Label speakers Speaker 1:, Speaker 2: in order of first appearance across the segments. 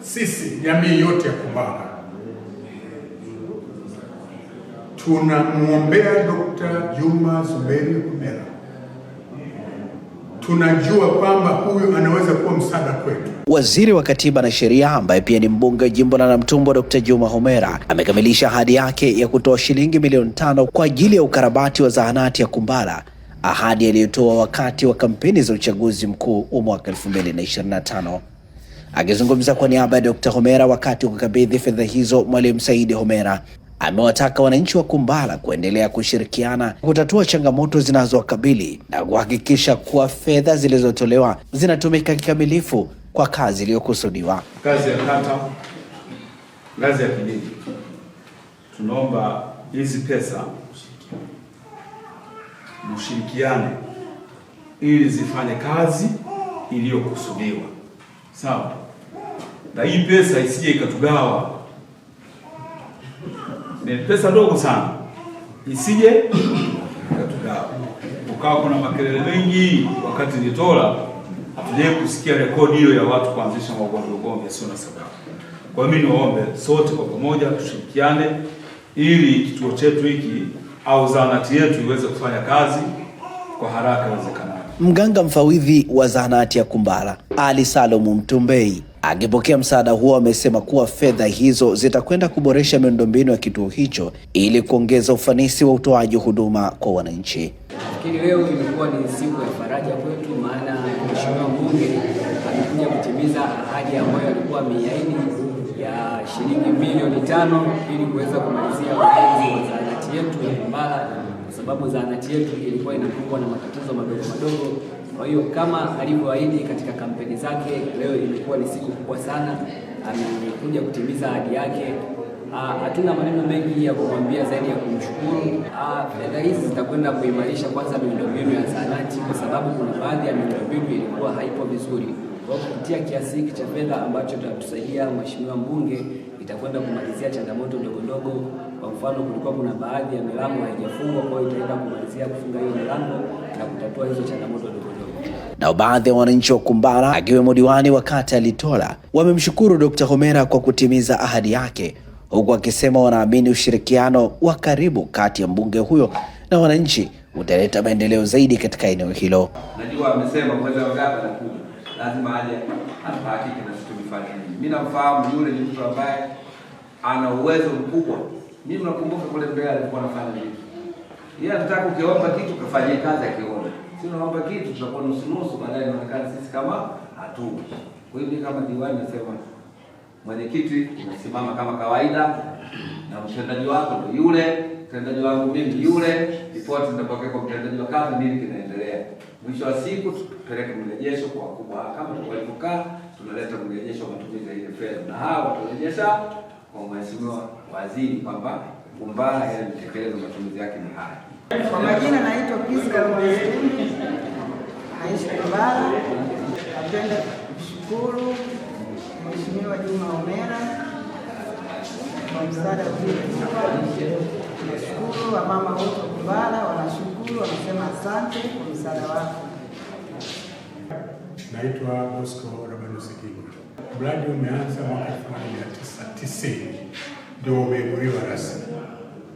Speaker 1: sisi jamii yote ya kumbala tunamwombea Dkt. Juma Zuberi Homera. Tunajua kwamba huyu anaweza kuwa msaada kwetu.
Speaker 2: Waziri wa Katiba na Sheria ambaye pia ni mbunge jimbo la Namtumbo, Dr. Juma Homera amekamilisha ahadi yake ya kutoa shilingi milioni tano kwa ajili ya ukarabati wa zahanati ya Kumbara, ahadi aliyotoa wakati wa kampeni za uchaguzi mkuu wa mwaka 2025. Akizungumza kwa niaba ya Dkt. Homera wakati wa kukabidhi fedha hizo, Mwalimu Saidi Homera amewataka wananchi wa Kumbala kuendelea kushirikiana kutatua changamoto zinazowakabili na kuhakikisha kuwa fedha zilizotolewa zinatumika kikamilifu kwa kazi iliyokusudiwa.
Speaker 1: Kazi ya kata, ngazi ya kijiji, tunaomba hizi pesa mshirikiane ili zifanye kazi iliyokusudiwa sawa, na hii pesa isije ikatugawa. Ni pesa ndogo sana, isije ikatugawa ukawa kuna makelele mengi. Wakati nitola, hatujawahi kusikia rekodi hiyo ya watu kuanzisha magomvi ugomvi sio na sababu. Kwa mimi niwaombe sote kwa pamoja tushirikiane ili kituo chetu hiki au zahanati yetu iweze kufanya kazi kwa haraka iwezekanavyo.
Speaker 2: Mganga mfawidhi wa zahanati ya Kumbala Ali Salomu Mtumbei akipokea msaada huo amesema kuwa fedha hizo zitakwenda kuboresha miundombinu ya kituo hicho ili kuongeza ufanisi wa utoaji huduma kwa wananchi.
Speaker 3: Lakini leo imekuwa ni siku ya faraja kwetu, maana mheshimiwa mbunge amekuja kutimiza ahadi ambayo alikuwa ameiahidi ya shilingi bilioni tano ili kuweza kumalizia ujenzi wa zahanati yetu ya Kumbala sababu zahanati yetu ilikuwa inakumbwa na matatizo madogo madogo. Kwa hiyo kama alivyoahidi katika kampeni zake, leo imekuwa ni siku kubwa sana, amekuja kutimiza ahadi yake. Ah, hatuna maneno mengi ya kumwambia zaidi ya kumshukuru. Ah, fedha hizi zitakwenda kuimarisha kwanza miundombinu ya zahanati, kwa sababu kuna baadhi ya miundombinu ilikuwa haipo vizuri kupitia kiasi hiki cha fedha ambacho tatusaidia mheshimiwa mbunge, itakwenda kumalizia changamoto ndogo ndogo. Kwa mfano, kulikuwa kuna baadhi ya milango haijafungwa, kwa hiyo itaenda kumalizia kufunga hiyo milango na kutatua hizo changamoto ndogo ndogo.
Speaker 2: Nao baadhi ya wananchi wa Kumbara akiwemo diwani wa kata ya Litola wamemshukuru Dr. Homera kwa kutimiza ahadi yake, huku akisema wanaamini ushirikiano wa karibu kati ya mbunge huyo na wananchi utaleta maendeleo zaidi katika eneo hilo.
Speaker 4: Najua amesema mwezi wa gaba anakuja lazima aje atuhakiki na sisi nini. Mimi namfahamu yule ni mtu ambaye ana uwezo mkubwa. Mimi nakumbuka kule mbele alikuwa anafanya nini. Yeye anataka ukiomba kitu kafanyie kazi akiona. si unaomba kitu tutakuwa nusu nusu, baadaye inaonekana sisi kama hatu. Kwa hiyo kama diwani nasema mwenyekiti unasimama kama kawaida na mtendaji wako yule mtendaji wangu mimi yule, ripoti zinapokea kwa mtendaji wa kazi, nini kinaendelea. Mwisho wa siku tupeleke mrejesho kwa wakubwa, kama tulipokaa tunaleta mrejesho wa matumizi ya ile fedha, na hawa watarejesha kwa mheshimiwa waziri kwamba Bumbala yalitekeleza matumizi yake ni haya.
Speaker 5: Kwa majina naitwa Priska Mwaisuni, naishi Bumbala. Napenda kushukuru Mheshimiwa Juma Omera kwa msaada huu tunashukuru. Wamama wote Kumbara wanashukuru, wanasema asante kwa msaada wako.
Speaker 1: Naitwa Bosco Rabanusi Kingo. Mradi umeanza mwaka 1990 ndio umeguliwa rasmi,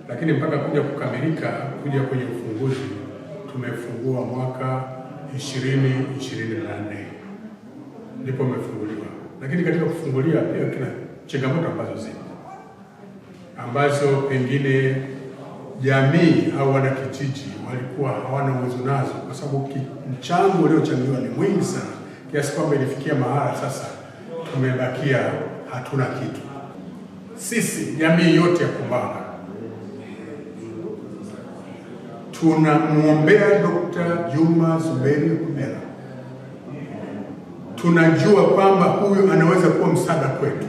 Speaker 1: lakini mpaka kuja kukamilika, kuja kwenye ufunguzi tumefungua mwaka 2024 ndipo umefunguliwa, lakini katika kufungulia pia tuna changamoto ambazo zipo ambazo pengine jamii au wanakijiji walikuwa hawana uwezo nazo, kwa sababu mchango uliochangiwa ni mwingi sana kiasi kwamba ilifikia mahala sasa tumebakia hatuna kitu. Sisi jamii yote ya Kumbagha tunamwombea Dkt. Juma Zuberi Homera. Tunajua kwamba huyu anaweza kuwa msaada kwetu.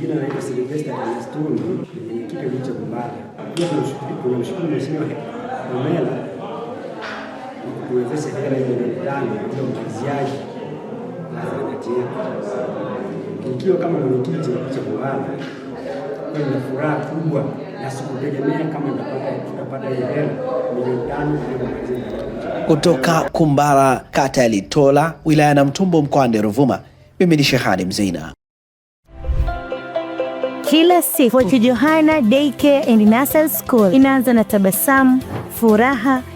Speaker 6: Jina naitwa Silvesta Kanastuni, ni mwenyekiti wa kijiji cha Bumbala. Pia tunamshukuru Mheshimiwa Homera kwa kutuwezesha hela hiyo milioni tano katika umaliziaji wa zahanati yetu. Nikiwa kama mwenyekiti wa kijiji cha Bumbala, kwani na furaha kubwa na sikutegemea kama tutapata hiyo hela milioni tano katika
Speaker 2: umaliziaji. Kutoka Kumbala, kata ya Litola, wilaya ya Namtumbo, mkoani Ruvuma, mimi ni Shehani Mzeina
Speaker 7: kila siku. Fort Johanna Daycare and Nursery School inaanza na tabasamu, furaha